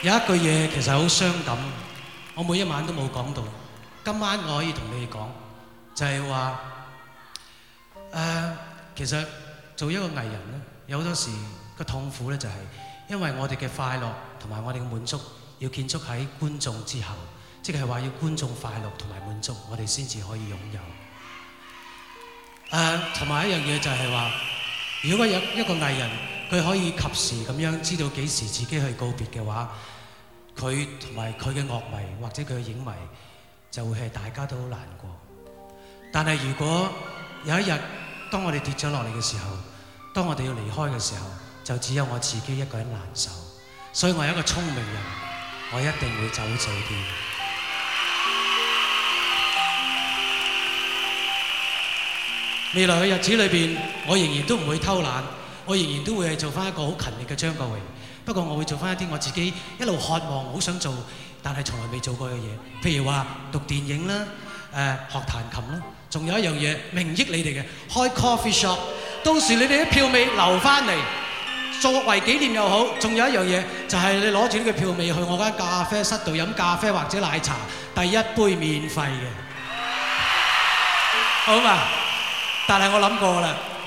有一句嘢其實好傷感，我每一晚都冇講到。今晚我可以同你哋講，就係話，誒，其實做一個藝人咧，有好多時個痛苦咧，就係因為我哋嘅快樂同埋我哋嘅滿足，要建築喺觀眾之後，即係話要觀眾快樂同埋滿足，我哋先至可以擁有。誒，同埋一樣嘢就係話，如果有一個藝人，佢可以及時咁樣知道幾時自己去告別嘅話，佢同埋佢嘅樂迷或者佢嘅影迷就會係大家都好難過。但係如果有一日當我哋跌咗落嚟嘅時候，當我哋要離開嘅時候，就只有我自己一個人難受。所以我係一個聰明人，我一定會走早啲。未來嘅日子裏面，我仍然都唔會偷懶。我仍然都會係做翻一個好勤力嘅張國榮，不過我會做翻一啲我自己一路渴望、好想做，但係從來未做過嘅嘢。譬如話讀電影啦，誒學彈琴啦，仲有一樣嘢，名益你哋嘅開 Coffee Shop。到時你哋啲票尾留翻嚟，作為紀念又好。仲有一樣嘢，就係你攞住呢個票尾去我間咖啡室度飲咖啡或者奶茶，第一杯免費嘅。好嘛？但係我諗過啦。